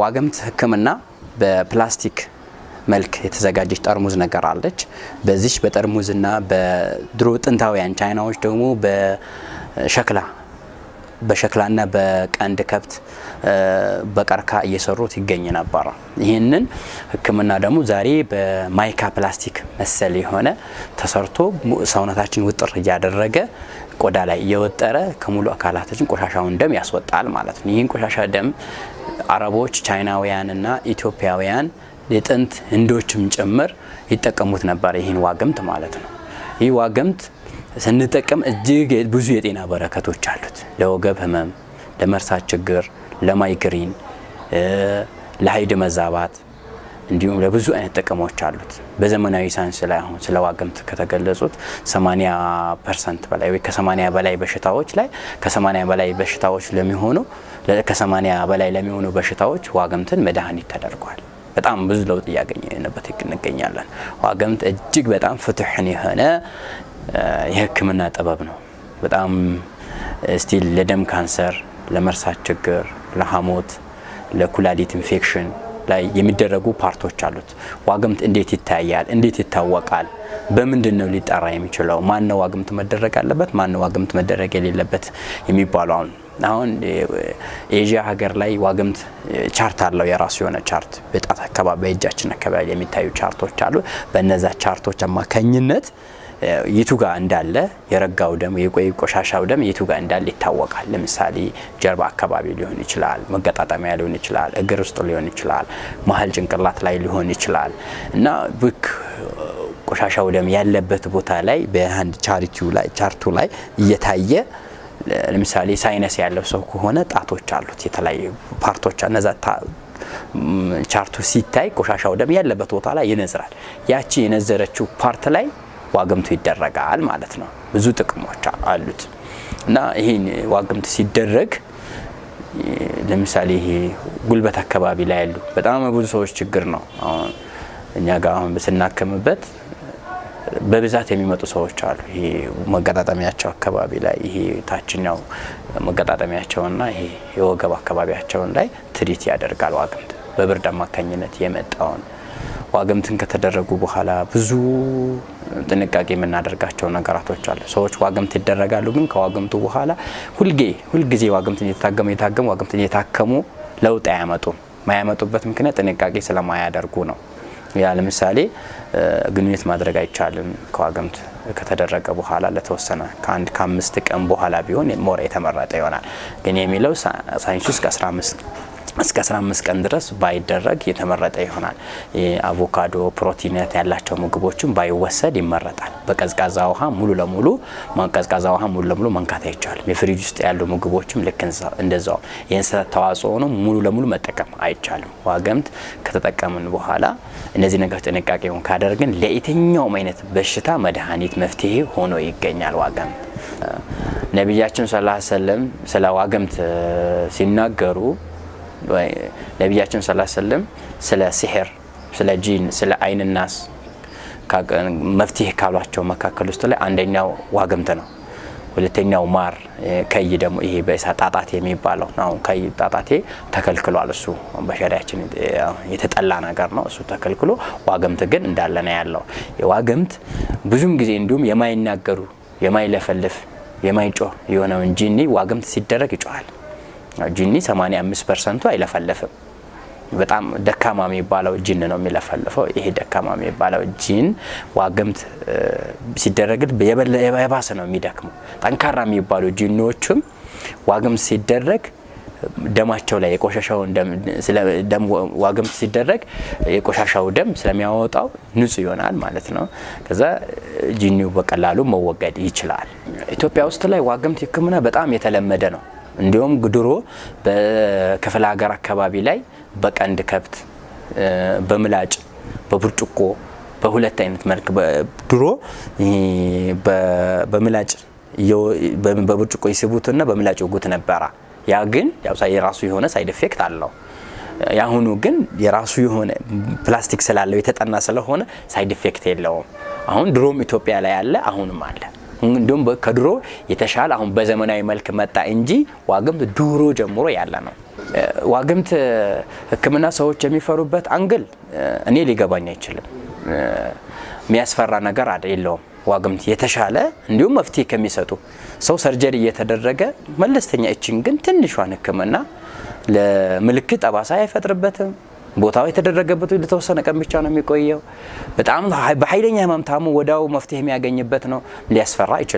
ዋግምት ሕክምና በፕላስቲክ መልክ የተዘጋጀች ጠርሙዝ ነገር አለች። በዚች በጠርሙዝና በድሮ ጥንታውያን ቻይናዎች ደግሞ በሸክላ በሸክላና በቀንድ ከብት በቀርካ እየሰሩት ይገኝ ነበረ። ይህንን ህክምና ደግሞ ዛሬ በማይካ ፕላስቲክ መሰል የሆነ ተሰርቶ ሰውነታችን ውጥር እያደረገ ቆዳ ላይ እየወጠረ ከሙሉ አካላታችን ቆሻሻውን ደም ያስወጣል ማለት ነው። ይህን ቆሻሻ ደም አረቦች፣ ቻይናውያንና ኢትዮጵያውያን የጥንት ህንዶችም ጭምር ይጠቀሙት ነበር፣ ይህን ዋግምት ማለት ነው። ይህ ዋግምት ስንጠቀም እጅግ ብዙ የጤና በረከቶች አሉት። ለወገብ ህመም፣ ለመርሳት ችግር፣ ለማይግሪን፣ ለሀይድ መዛባት እንዲሁም ለብዙ አይነት ጥቅሞች አሉት። በዘመናዊ ሳይንስ ላይ አሁን ስለ ዋግምት ከተገለጹት 80 ፐርሰንት በላይ ወይ ከ80 በላይ በሽታዎች ላይ ከ80 በላይ በሽታዎች ለሚሆኑ ከ80 በላይ ለሚሆኑ በሽታዎች ዋግምትን መድኃኒት ተደርጓል። በጣም ብዙ ለውጥ እያገኘንበት እንገኛለን። ዋግምት እጅግ በጣም ፍትሕን የሆነ የሕክምና ጥበብ ነው። በጣም ስቲል ለደም ካንሰር፣ ለመርሳት ችግር፣ ለሐሞት፣ ለኩላሊት ኢንፌክሽን ላይ የሚደረጉ ፓርቶች አሉት። ዋግምት እንዴት ይታያል? እንዴት ይታወቃል? በምንድን ነው ሊጠራ የሚችለው? ማን ነው ዋግምት መደረግ አለበት? ማን ነው ዋግምት መደረግ የሌለበት የሚባለው አሁን አሁን ኤዥያ ሀገር ላይ ዋግምት ቻርት አለው። የራሱ የሆነ ቻርት በጣት አካባቢ በእጃችን አካባቢ የሚታዩ ቻርቶች አሉ። በእነዛ ቻርቶች አማካኝነት የቱ ጋር እንዳለ የረጋው ደም የቆይ ቆሻሻው ደም የቱ ጋር እንዳለ ይታወቃል። ለምሳሌ ጀርባ አካባቢ ሊሆን ይችላል፣ መገጣጠሚያ ሊሆን ይችላል፣ እግር ውስጥ ሊሆን ይችላል፣ መሀል ጭንቅላት ላይ ሊሆን ይችላል እና ብክ ቆሻሻው ደም ያለበት ቦታ ላይ በአንድ ቻሪቲው ላይ ቻርቱ ላይ እየታየ ለምሳሌ ሳይነስ ያለው ሰው ከሆነ ጣቶች አሉት የተለያዩ ፓርቶች እነዛ ቻርቱ ሲታይ ቆሻሻው ደም ያለበት ቦታ ላይ ይነዝራል። ያቺ የነዘረችው ፓርት ላይ ዋግምቱ ይደረጋል ማለት ነው። ብዙ ጥቅሞች አሉት እና ይህን ዋግምት ሲደረግ ለምሳሌ ይሄ ጉልበት አካባቢ ላይ ያሉ በጣም ብዙ ሰዎች ችግር ነው። አሁን እኛ ጋር አሁን ስናከምበት በብዛት የሚመጡ ሰዎች አሉ። ይሄ መገጣጠሚያቸው አካባቢ ላይ ይሄ ታችኛው መገጣጠሚያቸውና ይሄ የወገብ አካባቢያቸውን ላይ ትሪት ያደርጋል ዋግምት በብርድ አማካኝነት የመጣውን ዋግምትን ከተደረጉ በኋላ ብዙ ጥንቃቄ የምናደርጋቸው ነገራቶች አሉ። ሰዎች ዋግምት ይደረጋሉ፣ ግን ከዋግምቱ በኋላ ሁልጌ ሁልጊዜ ዋግምትን እየታገሙ እየታገሙ ዋግምትን እየታከሙ ለውጥ አያመጡም። ማያመጡበት ምክንያት ጥንቃቄ ስለማያደርጉ ነው። ያ ለምሳሌ ግንኙነት ማድረግ አይቻልም ከዋግምት ከተደረገ በኋላ ለተወሰነ ከአንድ ከአምስት ቀን በኋላ ቢሆን ሞራ የተመረጠ ይሆናል። ግን የሚለው ሳይንስ ውስጥ ከ15 እስከ 15 ቀን ድረስ ባይደረግ የተመረጠ ይሆናል። አቮካዶ ፕሮቲነት ያላቸው ምግቦችን ባይወሰድ ይመረጣል። በቀዝቃዛ ውሃ ሙሉ ለሙሉ ቀዝቃዛ ውሃ ሙሉ ለሙሉ መንካት አይቻልም። የፍሪጅ ውስጥ ያሉ ምግቦችም ልክ እንደዛው የእንስሳት ተዋጽኦ ነው ሙሉ ለሙሉ መጠቀም አይቻልም። ዋገምት ከተጠቀምን በኋላ እነዚህ ነገሮች ጥንቃቄውን ካደረግን ለየትኛውም አይነት በሽታ መድኃኒት መፍትሄ ሆኖ ይገኛል ዋገምት ነቢያችን ሰለላሁ ዐለይሂ ወሰለም ስለ ዋገምት ሲናገሩ ነቢያችን ስ ስለም ስለ ሲሕር፣ ስለ ጂን፣ ስለ አይንናስ መፍትሄ ካሏቸው መካከል ውስጥ ላይ አንደኛው ዋግምት ነው። ሁለተኛው ማር ከይ ደግሞ ይሄ በሳ ጣጣቴ የሚባለው ከይ ጣጣቴ ተከልክሏል። እሱ በሸሪያችን የተጠላ ነገር ነው። እሱ ተከልክሎ ዋግምት ግን እንዳለ ነው ያለው። ዋግምት ብዙም ጊዜ እንዲሁም የማይናገሩ የማይለፈልፍ የማይጮህ የሆነውን ጂኒ ዋግምት ሲደረግ ይጮሃል። ጅኒ 85 ፐርሰንቱ አይለፈለፍም በጣም ደካማ የሚባለው ጅን ነው የሚለፈልፈው። ይሄ ደካማ የሚባለው ጂን ዋግምት ሲደረግት የባሰ ነው የሚደክመው። ጠንካራ የሚባሉ ጅኖቹም ዋግምት ሲደረግ ደማቸው ላይ የቆሻሻውን ደም ዋግምት ሲደረግ የቆሻሻው ደም ስለሚያወጣው ንጹህ ይሆናል ማለት ነው። ከዛ ጅኒው በቀላሉ መወገድ ይችላል። ኢትዮጵያ ውስጥ ላይ ዋግምት ሕክምና በጣም የተለመደ ነው። እንዲሁም ድሮ በክፍለ ሀገር አካባቢ ላይ በቀንድ ከብት፣ በምላጭ፣ በብርጭቆ በሁለት አይነት መልክ ድሮ በምላጭ በብርጭቆ ይስቡትና በምላጭ ይወጉት ነበራ። ያ ግን የራሱ የሆነ ሳይድ ኢፌክት አለው። የአሁኑ ግን የራሱ የሆነ ፕላስቲክ ስላለው የተጠና ስለሆነ ሳይድ ኢፌክት የለውም። አሁን ድሮም ኢትዮጵያ ላይ አለ፣ አሁንም አለ። እንዲሁም ከድሮ የተሻለ አሁን በዘመናዊ መልክ መጣ እንጂ ዋግምት ድሮ ጀምሮ ያለ ነው። ዋግምት ሕክምና ሰዎች የሚፈሩበት አንግል እኔ ሊገባኝ አይችልም። የሚያስፈራ ነገር የለውም። ዋግምት የተሻለ እንዲሁም መፍትሄ ከሚሰጡ ሰው ሰርጀሪ እየተደረገ መለስተኛ እችን ግን ትንሿን ሕክምና ለምልክት ጠባሳ አይፈጥርበትም። ቦታው የተደረገበት ለተወሰነ ቀን ብቻ ነው የሚቆየው። በጣም በኃይለኛ ህመም ታሞ ወዳው መፍትሄ የሚያገኝበት ነው። ሊያስፈራ ይችላል።